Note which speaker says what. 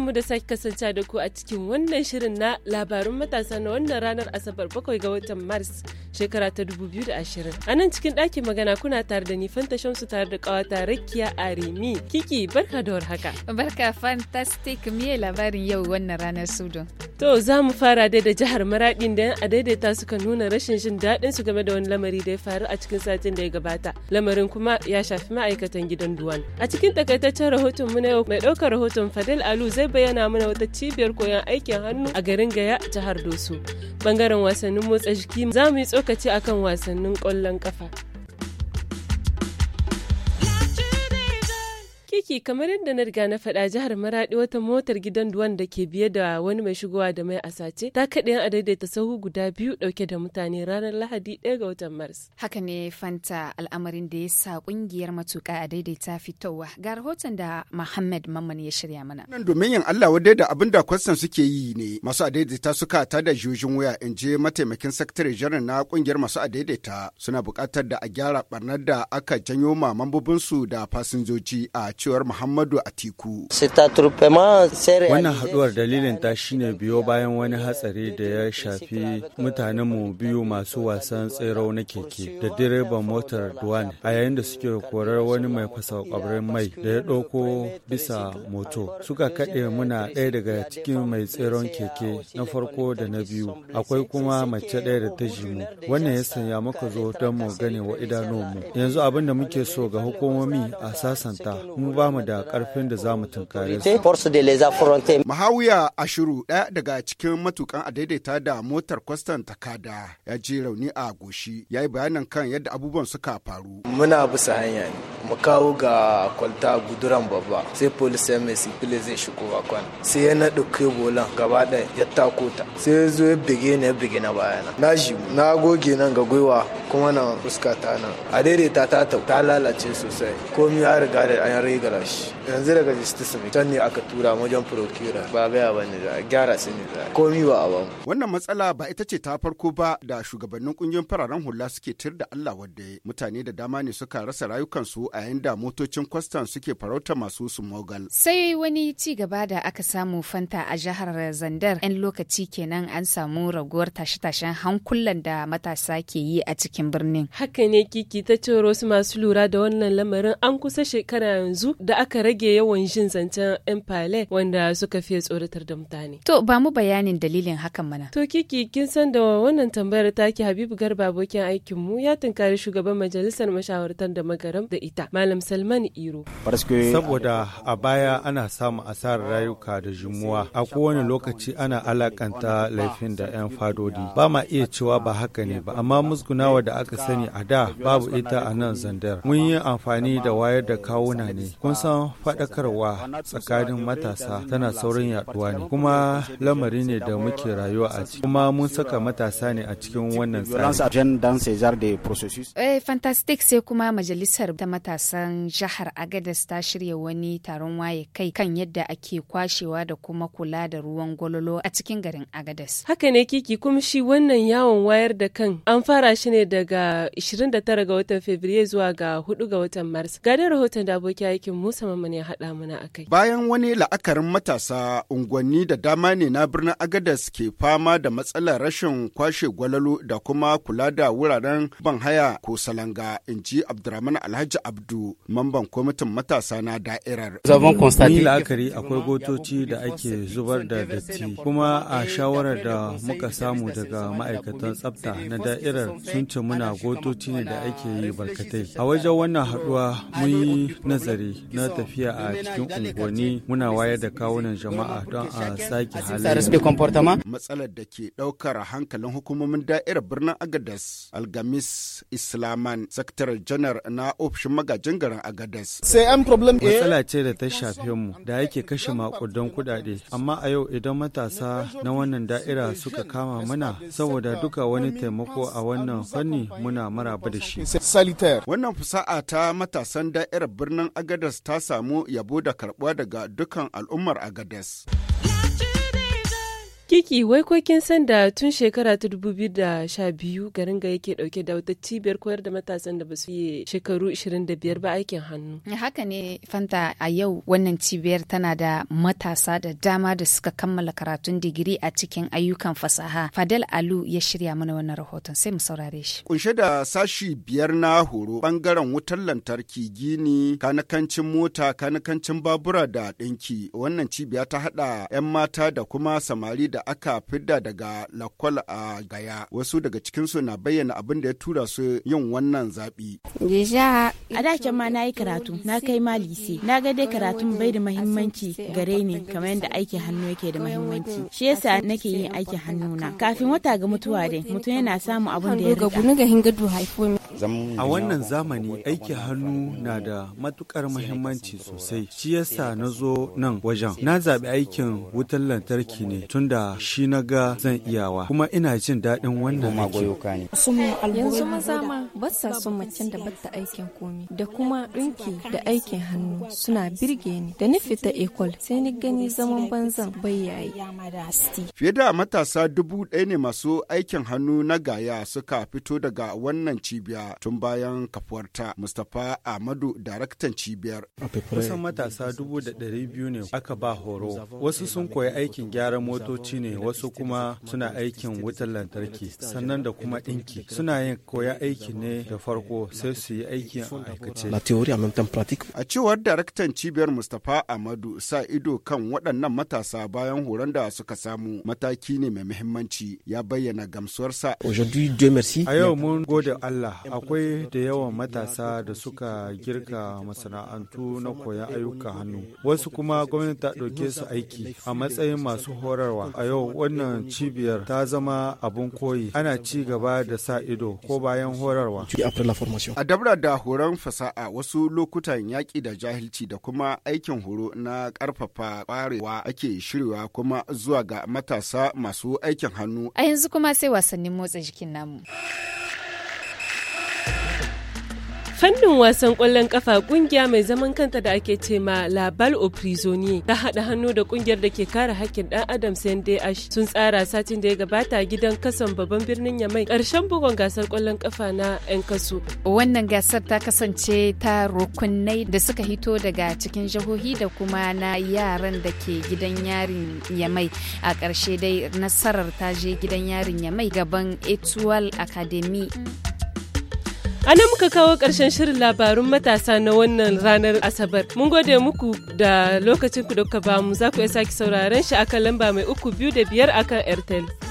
Speaker 1: mu da sake kasance da ku a cikin wannan shirin na labarun matasa na wannan ranar Asabar bakwai ga watan Mars shekara ta 2020. A nan cikin ɗakin magana kuna tare da ni Fanta Shamsu tare da ƙawata Rakiya Arimi. Kiki barka da warhaka. Barka fantastic miye labarin yau wannan ranar sudu To za mu fara dai da jihar Maraɗin da a daidaita suka nuna rashin jin daɗin su game da wani lamari da ya faru a cikin satin da ya gabata. Lamarin kuma ya shafi ma'aikatan gidan Duwan. A cikin takaitaccen rahoton mu na yau mai ɗaukar rahoton Fadel Alu zai ya bayyana mana wata cibiyar koyon aikin hannu a garin Gaya jihar Doso. Bangaren wasannin motsa jiki za mu yi tsokaci akan wasannin ƙwallon ƙafa. kiki kamar yadda na riga na faɗa jihar maraɗi wata motar gidan duwan da ke biye da wani mai shigowa da mai asace ta kaɗe a daidaita sahu guda biyu ɗauke da mutane ranar lahadi ɗaya ga watan mars haka ne fanta al'amarin da ya sa ƙungiyar matuƙa a daidaita
Speaker 2: fitowa ga rahoton da muhammad mamman ya shirya mana nan domin
Speaker 3: yin allah wadai da abin da kwastan suke yi ne masu a daidaita suka ta da jojin wuya in je mataimakin sakatare janar na ƙungiyar masu a daidaita suna buƙatar da a gyara ɓarnar da aka janyo ma mambobinsu da fasinjoji a cewar Muhammadu Atiku.
Speaker 4: Wannan haduwar dalilin ta shine biyo bayan wani hatsari da ya shafi mutanenmu biyu masu wasan tsero na keke da direban motar Duane a yayin da suke korar wani mai fasa kwabarin mai da ya ɗauko bisa moto. Suka kaɗe muna ɗaya daga cikin mai tseron keke na farko da na biyu. Akwai kuma mace ɗaya da ta mu Wannan ya sanya muka zo don mu gane wa mu. Yanzu abin da muke so ga hukumomi a sasanta mu ba mu da karfin da za mu tunkare su.
Speaker 3: Mahawiya Ashiru ɗaya daga cikin matukan a daidaita da motar kwastan takada ya je rauni a goshi ya yi bayanan kan yadda abubuwan suka faru. Muna bisa hanya ne. mu kawo ga kwalta guduran babba sai polis ya mai sifili zai shigo kwan sai ya naɗa kai bolan gaba ɗaya ya tako ta sai ya zo ya bige ni ya bige na baya na ji na goge nan ga gwiwa kuma na fuska ta nan a daidaita ta ta ta lalace sosai komi ya riga da an rigara shi yanzu daga justice mai can ne aka tura wajen procura ba gaya ba ne da gyara su ne da komi ba a ban wannan matsala ba ita ce ta farko ba da shugabannin kungiyoyin fararen hula suke tir da Allah wadda mutane da dama ne suka rasa rayukansu a yayin da motocin kwastan suke farauta masu mogal?
Speaker 2: Sai wani ci gaba da aka samu fanta a jihar Zandar 'yan lokaci kenan an samu raguwar tashe-tashen hankulan da matasa ke yi a cikin birnin.
Speaker 1: Haka ne kiki ta ce wasu masu lura da wannan lamarin an kusa shekara yanzu da aka rage yawan jin zancen 'yan fale wanda suka fiye tsoratar da mutane. To ba mu bayanin dalilin hakan mana. To kiki kin san da wannan tambayar take Habibu Garba abokin mu ya tunkari shugaban majalisar mashawartar da magaram da ita. Malam Salman Iro. Saboda
Speaker 4: a baya ana samun asarar rayuka da jimuwa, a kowane lokaci ana alakanta laifin da 'yan fadodi. Ba ma iya cewa ba haka ne ba, amma musgunawa da aka sani a da babu ita a nan zandar. Mun yi amfani da wayar da kawuna ne. Kun san faɗakarwa tsakanin matasa tana saurin yaduwa ne, kuma lamari ne da muke rayuwa a ciki. Kuma mun saka matasa ne a cikin wannan
Speaker 3: tsari.
Speaker 2: Eh, fantastic sai kuma majalisar ta matasa. matasan jihar agadas ta shirya wani taron waye kai kan yadda ake kwashewa da kuma kula da ruwan gwalolo a cikin garin
Speaker 1: agadas. Haka ne kiki kuma shi wannan yawon wayar da kan an fara shi ne daga 29 ga watan Fabrairu zuwa ga 4 ga watan Mars. Ga rahoton da abokin aikin Musa Mamman ya haɗa mana kai.
Speaker 3: Bayan wani la'akarin matasa unguwanni da dama ne na birnin agadas ke fama da matsalar rashin kwashe gwalolo da kuma kula da wuraren ban haya ko salanga in ji Abdurrahman Alhaji Abdu Abdu, mamban kwamitin matasa na da'irar. Ni
Speaker 4: la'akari akwai gotoci da ake zubar da datti kuma a shawarar da muka samu daga ma'aikatan tsafta na da'irar sun ce muna gotoci ne da ake yi barkatai. A wajen wannan haɗuwa mun yi nazari na tafiya a cikin unguwanni muna wayar da kawunan jama'a don a sake halayen.
Speaker 3: Matsalar da ke ɗaukar hankalin hukumomin da'irar birnin Agadas Algamis Islaman Sakataren Janar na ofishin maga magajin garin Sai an problem Matsala
Speaker 4: ce da ta shafe mu da yake kashe makudan kudade amma a yau idan matasa na wannan da'ira suka kama mana saboda duka wani taimako a wannan fanni muna maraba da shi. Wannan fusa'a ta matasan da'irar birnin
Speaker 3: agadas ta samu yabo da karbuwa daga dukan al'ummar agadas.
Speaker 1: Kiki wai ko kin san da tun shekara ta dubu biyu da sha biyu garin ga yake dauke da wata cibiyar koyar da matasan da ba su yi shekaru ishirin da biyar ba aikin hannu. Haka
Speaker 2: ne Fanta a yau wannan cibiyar tana da matasa da dama da suka kammala karatun digiri a cikin ayyukan fasaha. Fadel Alu ya shirya mana wannan rahoton sai mu saurare shi.
Speaker 3: Kunshe da sashi biyar na horo bangaren wutar lantarki gini kanakancin mota kanakancin babura da ɗinki wannan cibiya ta haɗa 'yan mata da kuma samari da aka fidda daga lakwal a gaya wasu daga cikinsu na bayyana abin da ya tura su yin wannan zaɓi.
Speaker 1: a dakin ma na yi karatu na kai ma lise na ga dai karatun bai da mahimmanci gare ni kamar yadda aikin hannu yake da mahimmanci shi yasa nake yin aikin na. kafin wata ga mutuwa dai mutum yana samun abin da ya riƙa.
Speaker 4: a wannan zamani aikin hannu na da matukar mahimmanci sosai shi yasa na zo nan wajen na zaɓi aikin wutan lantarki ne tun da. shi na ga zan iyawa kuma ina jin daɗin wannan
Speaker 1: yanzu maza basa sun macen da bata aikin komi da kuma ɗinki da aikin hannu suna birge ni da ni fita ekol sai ni gani zaman banzan bai yayi.
Speaker 3: Fiye da matasa dubu ɗaya ne masu aikin hannu na gaya suka fito daga wannan cibiya tun bayan kafuwarta Mustapha Ahmadu daraktan cibiyar.
Speaker 4: Kusan matasa dubu da ɗari biyu ne aka ba horo. Wasu sun koyi aikin gyaran motoci ne wasu kuma suna aikin wutar lantarki sannan da kuma ɗinki suna yin koya aikin ne ne da farko sai su yi aiki a aikace.
Speaker 3: A cewar daraktan cibiyar Mustapha Ahmadu sa ido kan waɗannan matasa bayan horon da suka samu mataki ne mai muhimmanci ya bayyana gamsuwarsa. A yau
Speaker 4: mun gode Allah akwai da yawan matasa da suka girka masana'antu na koyon ayyuka hannu. Wasu kuma gwamnati ta ɗauke su aiki a matsayin masu horarwa. A yau wannan cibiyar ta zama abun koyi ana ci gaba da sa ido ko bayan horarwa. A dabra da horon fasaha wasu lokutan yaƙi da
Speaker 3: jahilci da kuma aikin horo na ƙarfafa ƙwarewa ake shirya kuma zuwa ga matasa masu aikin hannu.
Speaker 1: A yanzu kuma sai wasannin motsa jikin namu. Fannin wasan kwallon kafa ƙungiya mai zaman kanta da ake ce ma Labal oprizoni ta haɗa hannu da ƙungiyar da ke kare hakkin ɗan Adam ash sun tsara satin da ya gabata gidan kasan babban birnin Yamai karshen bugun gasar kwallon kafa na 'yan kasu
Speaker 2: Wannan gasar ta kasance ta rukunai da suka hito daga cikin jihohi da kuma na yaran da ke gidan yarin Yamai. A karshe dai nasarar ta je gidan yarin Yamai gaban Etual Academy.
Speaker 1: A nan muka kawo ƙarshen shirin labarun matasa na wannan ranar Asabar. Mun gode muku da lokacin ku da ba bamu za ku iya sake sauraron shi akan lamba mai uku biyu da biyar akan Airtel.